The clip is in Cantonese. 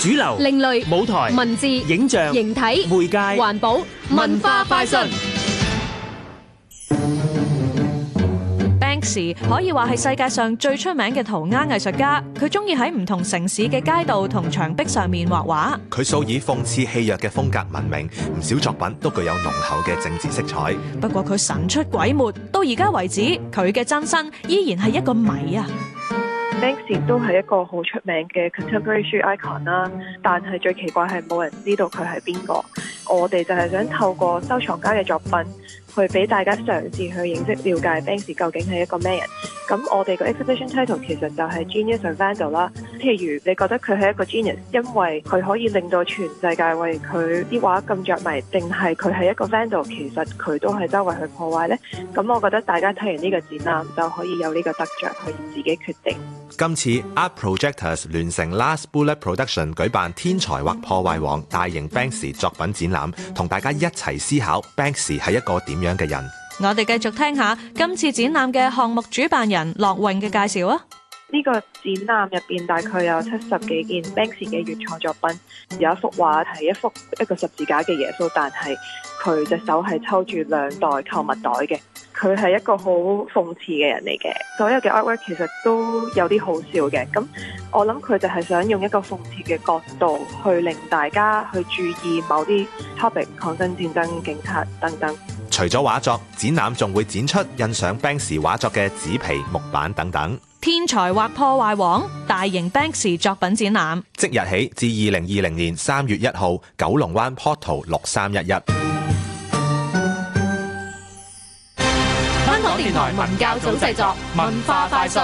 主流、另類、舞台、文字、影像、形體、媒介、環保、文化快訊。Banksy 可以話係世界上最出名嘅塗鴉藝術家，佢中意喺唔同城市嘅街道同牆壁上面畫畫。佢素以諷刺戲謔嘅風格聞名，唔少作品都具有濃厚嘅政治色彩。不過佢神出鬼沒，到而家為止，佢嘅真身依然係一個謎啊！Banksy 都係一個好出名嘅 contemporary icon 啦，但係最奇怪係冇人知道佢係邊個。我哋就係想透過收藏家嘅作品，去俾大家嘗試去認識、了解 Banksy 究竟係一個咩人？咁我哋個 exhibition title 其實就係 Genius or Vandal 啦。譬如你覺得佢係一個 genius，因為佢可以令到全世界為佢啲畫咁着迷，定係佢係一個 vandal，其實佢都係周圍去破壞呢。咁我覺得大家睇完呢個展覽就可以有呢個得著去自己決定。今次、mm hmm. Art Projectors 聯成 Last Bullet Production 舉辦《天才或破壞王》大型 Banksy 作品展覽，同、mm hmm. 大家一齊思考 Banksy 係一個點樣嘅人，我哋繼續聽下今次展覽嘅項目主辦人駱穎嘅介紹啊！呢個展覽入邊大概有七十幾件 Banksy 嘅原創作品，有一幅畫係一幅一個十字架嘅耶穌，但係佢隻手係抽住兩袋購物袋嘅。佢係一個好諷刺嘅人嚟嘅，所有嘅 Artwork 其實都有啲好笑嘅。咁我諗佢就係想用一個諷刺嘅角度去令大家去注意某啲 topic，抗爭、戰爭、警察等等。除咗畫作，展覽仲會展出印上 Banksy 畫作嘅紙皮木板等等。天才或破壞王大型 Banksy 作品展覽，即日起至二零二零年三月一號，九龍灣 Portal 六三一一。香港電台文教組製作，文化快訊。